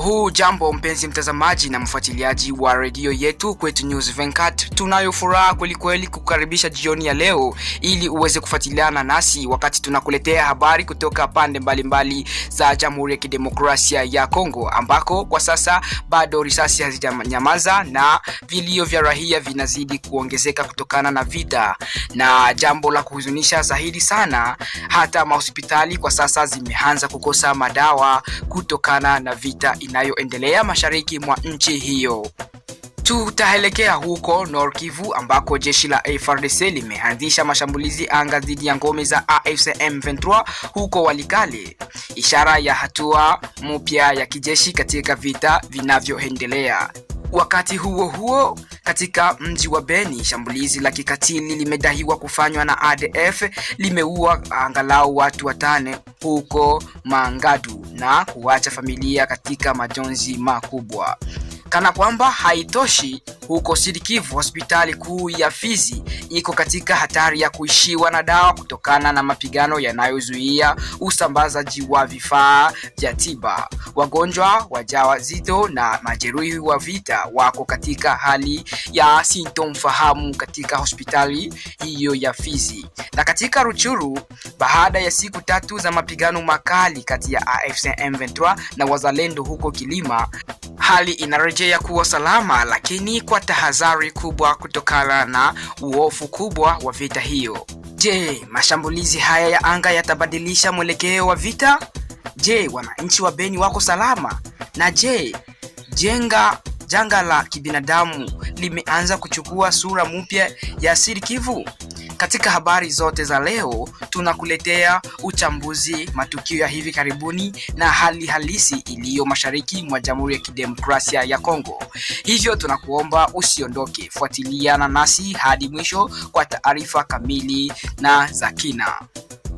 Huu jambo mpenzi mtazamaji na mfuatiliaji wa redio yetu Kwetu News Venkat, tunayo furaha kwelikweli kukaribisha jioni ya leo ili uweze kufuatiliana nasi wakati tunakuletea habari kutoka pande mbalimbali mbali za Jamhuri ya Kidemokrasia ya Kongo, ambako kwa sasa bado risasi hazijanyamaza na vilio vya raia vinazidi kuongezeka kutokana na vita, na jambo la kuhuzunisha zaidi sana, hata mahospitali kwa sasa zimeanza kukosa madawa kutokana na vita inayoendelea mashariki mwa nchi hiyo. Tutaelekea huko Nord Kivu ambako jeshi la FARDC limeanzisha mashambulizi anga dhidi ya ngome za AFC M23 huko Walikale, ishara ya hatua mpya ya kijeshi katika vita vinavyoendelea. Wakati huo huo, katika mji wa Beni, shambulizi la kikatili limedaiwa kufanywa na ADF limeua angalau watu watano huko Mangadu na kuacha familia katika majonzi makubwa. Kana kwamba haitoshi, huko Sidikivu hospitali kuu ya Fizi iko katika hatari ya kuishiwa na dawa kutokana na mapigano yanayozuia usambazaji wa vifaa vya tiba. Wagonjwa wajawazito na majeruhi wa vita wako katika hali ya sintofahamu katika hospitali hiyo ya Fizi. Na katika Ruchuru, baada ya siku tatu za mapigano makali kati ya AFC M23 na wazalendo huko Kilima hali inarejea kuwa salama, lakini kwa tahadhari kubwa kutokana na uofu kubwa wa vita hiyo. Je, mashambulizi haya ya anga yatabadilisha mwelekeo wa vita? Je, wananchi wa Beni wako salama? Na je, jenga janga la kibinadamu limeanza kuchukua sura mpya ya sirikivu Kivu? Katika habari zote za leo tunakuletea uchambuzi matukio ya hivi karibuni na hali halisi iliyo mashariki mwa Jamhuri ya Kidemokrasia ya Kongo. Hivyo tunakuomba usiondoke, fuatiliana nasi hadi mwisho kwa taarifa kamili na za kina.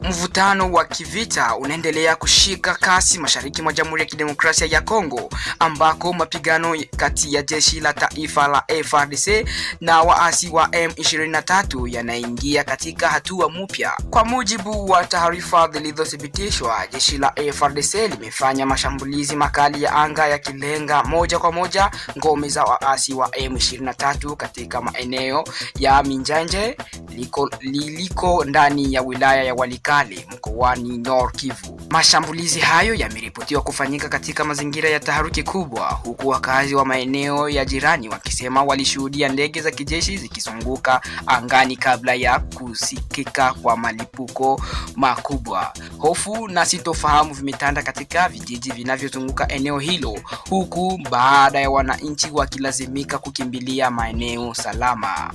Mvutano wa kivita unaendelea kushika kasi mashariki mwa Jamhuri ya Kidemokrasia ya Kongo ambako mapigano kati ya jeshi la taifa la FARDC na waasi wa M23 yanaingia katika hatua mpya. Kwa mujibu wa taarifa zilizothibitishwa, jeshi la FARDC limefanya mashambulizi makali ya anga yakilenga moja kwa moja ngome za waasi wa M23 katika maeneo ya Minjanje liliko, liliko ndani ya wilaya ya Walika Walikale mkoani nor Kivu. Mashambulizi hayo yameripotiwa kufanyika katika mazingira ya taharuki kubwa, huku wakazi wa maeneo ya jirani wakisema walishuhudia ndege za kijeshi zikizunguka angani kabla ya kusikika kwa malipuko makubwa. Hofu na sitofahamu vimetanda katika vijiji vinavyozunguka eneo hilo, huku baada ya wananchi wakilazimika kukimbilia maeneo salama.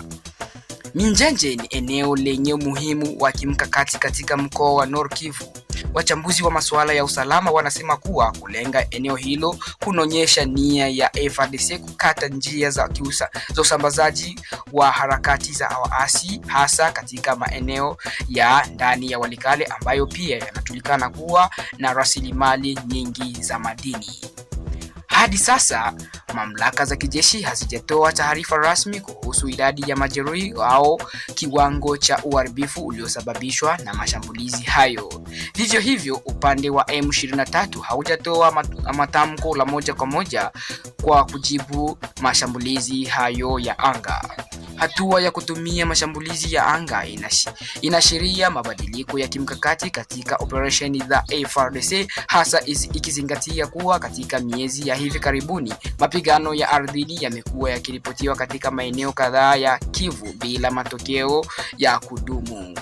Minjanje ni eneo lenye umuhimu wa kimkakati katika mkoa wa Nord Kivu. Wachambuzi wa masuala ya usalama wanasema kuwa kulenga eneo hilo kunaonyesha nia ya FARDC kukata njia za kiusa, za usambazaji wa harakati za waasi hasa katika maeneo ya ndani ya Walikale ambayo pia yanajulikana kuwa na rasilimali nyingi za madini. Hadi sasa Mamlaka za kijeshi hazijatoa taarifa rasmi kuhusu idadi ya majeruhi au kiwango cha uharibifu uliosababishwa na mashambulizi hayo. Vivyo hivyo, upande wa M23 haujatoa matamko la moja kwa moja kwa kujibu mashambulizi hayo ya anga. Hatua ya kutumia mashambulizi ya anga inaashiria mabadiliko ya kimkakati katika operesheni za FARDC, hasa ikizingatia kuwa katika miezi ya hivi karibuni mapigano ya ardhini yamekuwa yakiripotiwa katika maeneo kadhaa ya Kivu bila matokeo ya kudumu.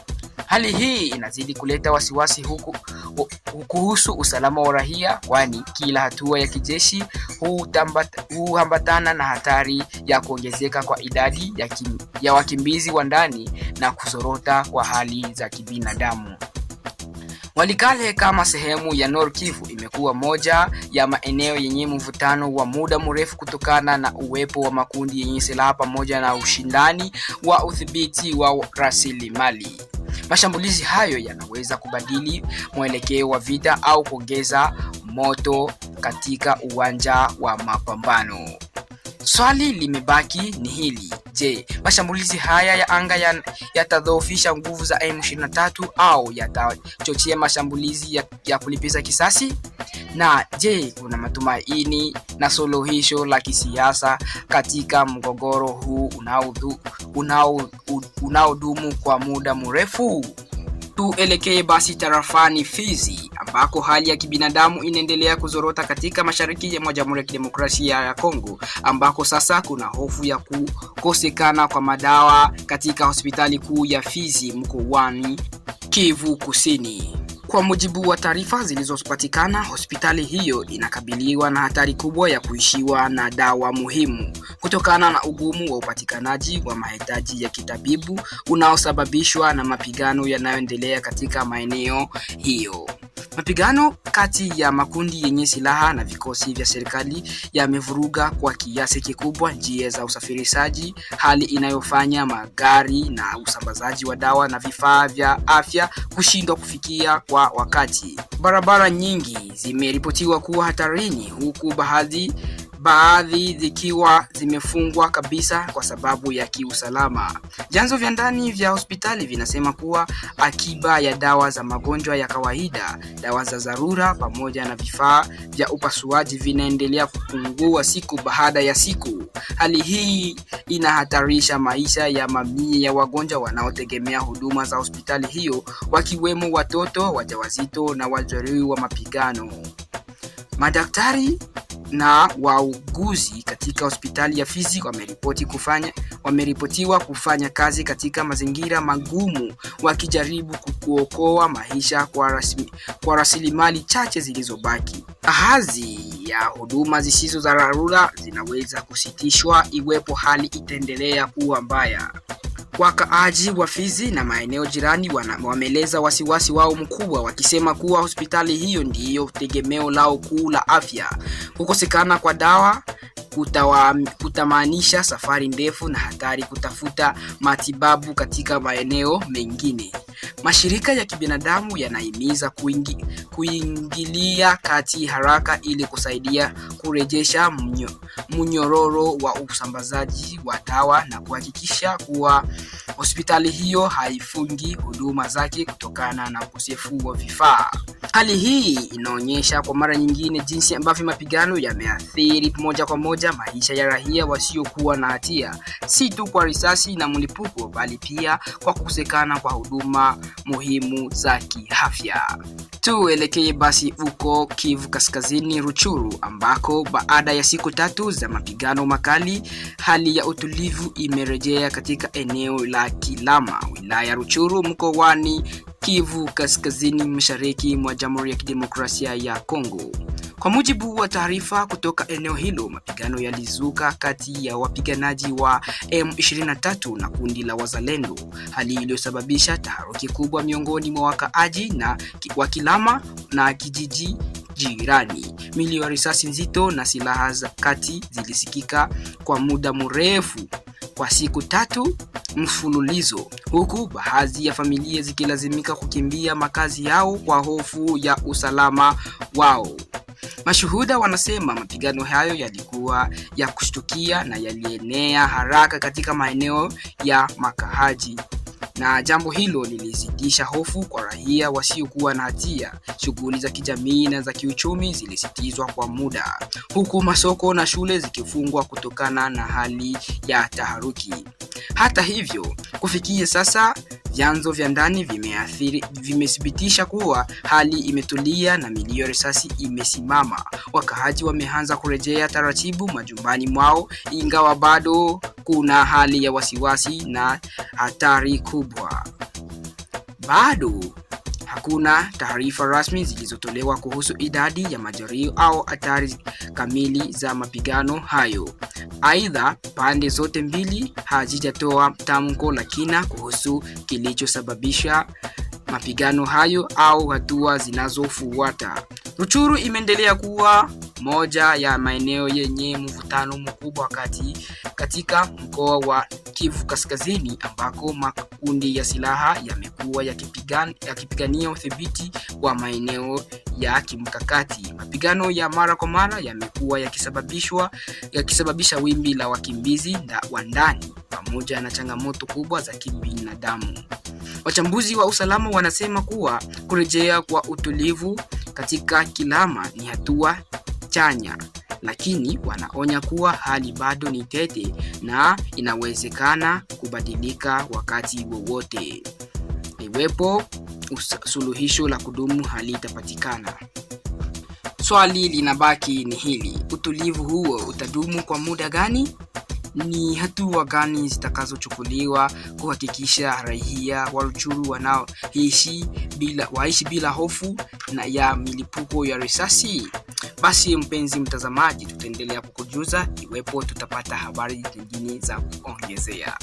Hali hii inazidi kuleta wasiwasi huku, kuhusu usalama wa raia, kwani kila hatua ya kijeshi huambatana na hatari ya kuongezeka kwa idadi ya, kim, ya wakimbizi wa ndani na kuzorota kwa hali za kibinadamu. Walikale kama sehemu ya Nord Kivu imekuwa moja ya maeneo yenye mvutano wa muda mrefu kutokana na uwepo wa makundi yenye silaha pamoja na ushindani wa udhibiti wa rasilimali. Mashambulizi hayo yanaweza kubadili mwelekeo wa vita au kuongeza moto katika uwanja wa mapambano. Swali limebaki ni hili: je, mashambulizi haya ya anga yatadhoofisha ya nguvu za M23 au yatachochea mashambulizi ya, ya kulipiza kisasi? Na je, kuna matumaini na suluhisho la kisiasa katika mgogoro huu unaodumu unao, kwa muda mrefu? Tuelekee basi tarafani Fizi ambako hali ya kibinadamu inaendelea kuzorota katika mashariki mwa Jamhuri ya Kidemokrasia ya Kongo, ambako sasa kuna hofu ya kukosekana kwa madawa katika hospitali kuu ya Fizi mkoani Kivu Kusini. Kwa mujibu wa taarifa zilizopatikana, hospitali hiyo inakabiliwa na hatari kubwa ya kuishiwa na dawa muhimu kutokana na ugumu wa upatikanaji wa mahitaji ya kitabibu unaosababishwa na mapigano yanayoendelea katika maeneo hiyo. Mapigano kati ya makundi yenye silaha na vikosi vya serikali yamevuruga kwa kiasi kikubwa njia za usafirishaji, hali inayofanya magari na usambazaji wa dawa na vifaa vya afya kushindwa kufikia kwa wakati. Barabara nyingi zimeripotiwa kuwa hatarini, huku baadhi baadhi zikiwa zimefungwa kabisa kwa sababu ya kiusalama. Vyanzo vya ndani vya hospitali vinasema kuwa akiba ya dawa za magonjwa ya kawaida, dawa za dharura, pamoja na vifaa vya upasuaji vinaendelea kupungua siku baada ya siku. Hali hii inahatarisha maisha ya mamia ya wagonjwa wanaotegemea huduma za hospitali hiyo, wakiwemo watoto wajawazito na wajeruhi wa mapigano. Madaktari na wauguzi katika hospitali ya Fizi wameripoti kufanya wameripotiwa kufanya kazi katika mazingira magumu wakijaribu kuokoa maisha kwa, rasmi, kwa rasilimali chache zilizobaki. Ahazi ya huduma zisizo za dharura zinaweza kusitishwa iwepo hali itaendelea kuwa mbaya. Wakaaji wa Fizi na maeneo jirani wameleza wasiwasi wao mkubwa, wakisema kuwa hospitali hiyo ndiyo tegemeo lao kuu la afya. Kukosekana kwa dawa kutamaanisha safari ndefu na hatari kutafuta matibabu katika maeneo mengine. Mashirika ya kibinadamu yanahimiza kuingi, kuingilia kati haraka ili kusaidia kurejesha mnyo, mnyororo wa usambazaji wa dawa na kuhakikisha kuwa hospitali hiyo haifungi huduma zake kutokana na ukosefu wa vifaa. Hali hii inaonyesha kwa mara nyingine jinsi ambavyo mapigano yameathiri moja kwa moja kulinda maisha ya raia wasiokuwa na hatia, si tu kwa risasi na mlipuko, bali pia kwa kukosekana kwa huduma muhimu za kiafya. Tuelekee basi huko Kivu Kaskazini, Ruchuru, ambako baada ya siku tatu za mapigano makali, hali ya utulivu imerejea katika eneo la Kilama, wilaya Ruchuru, mkoani Kivu Kaskazini, mashariki mwa Jamhuri ya Kidemokrasia ya Kongo. Kwa mujibu wa taarifa kutoka eneo hilo, mapigano yalizuka kati ya wapiganaji wa M23 na kundi la Wazalendo, hali iliyosababisha taharuki kubwa miongoni mwa wakaaji na wakilama na kijiji jirani. Milio ya risasi nzito na silaha za kati zilisikika kwa muda mrefu kwa siku tatu mfululizo, huku baadhi ya familia zikilazimika kukimbia makazi yao kwa hofu ya usalama wao. Mashuhuda wanasema mapigano hayo yalikuwa ya kushtukia na yalienea haraka katika maeneo ya makahaji na jambo hilo lilizidisha hofu kwa raia wasiokuwa na hatia. Shughuli za kijamii na za kiuchumi zilisitizwa kwa muda, huku masoko na shule zikifungwa kutokana na hali ya taharuki. Hata hivyo, kufikia sasa vyanzo vya ndani vimeathiri vimethibitisha kuwa hali imetulia na milio ya risasi imesimama. Wakaaji wameanza kurejea taratibu majumbani mwao, ingawa bado kuna hali ya wasiwasi na hatari kubwa kubwa. Bado hakuna taarifa rasmi zilizotolewa kuhusu idadi ya majeruhi au hatari kamili za mapigano hayo. Aidha, pande zote mbili hazijatoa tamko la kina kuhusu kilichosababisha mapigano hayo au hatua zinazofuata. Ruchuru imeendelea kuwa moja ya maeneo yenye mvutano mkubwa kati katika mkoa wa Kivu Kaskazini ambako makundi ya silaha yamekuwa yakipigania udhibiti wa maeneo ya kimkakati. Mapigano ya mara kwa mara yamekuwa yakisababishwa yakisababisha wimbi la wakimbizi wa ndani pamoja na changamoto kubwa za kibinadamu. Wachambuzi wa usalama wanasema kuwa kurejea kwa utulivu katika Kilama ni hatua chanya, lakini wanaonya kuwa hali bado ni tete na inawezekana kubadilika wakati wowote iwepo suluhisho la kudumu halitapatikana. Swali linabaki ni hili: utulivu huo utadumu kwa muda gani? Ni hatua gani zitakazochukuliwa kuhakikisha raia wa Rutshuru wanaoishi bila, waishi bila hofu na ya milipuko ya risasi? Basi mpenzi mtazamaji, tutaendelea kukujuza iwepo tutapata habari nyingine za kuongezea.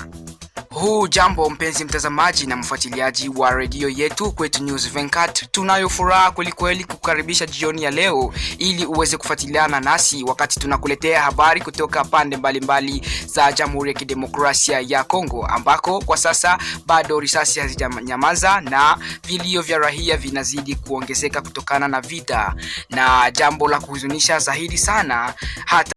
Huu jambo mpenzi mtazamaji na mfuatiliaji wa redio yetu Kwetu News Venkat, tunayo furaha kwelikweli kukaribisha jioni ya leo ili uweze kufuatiliana nasi wakati tunakuletea habari kutoka pande mbalimbali mbali za Jamhuri ya Kidemokrasia ya Kongo, ambako kwa sasa bado risasi hazijanyamaza na vilio vya raia vinazidi kuongezeka kutokana na vita, na jambo la kuhuzunisha zaidi sana hata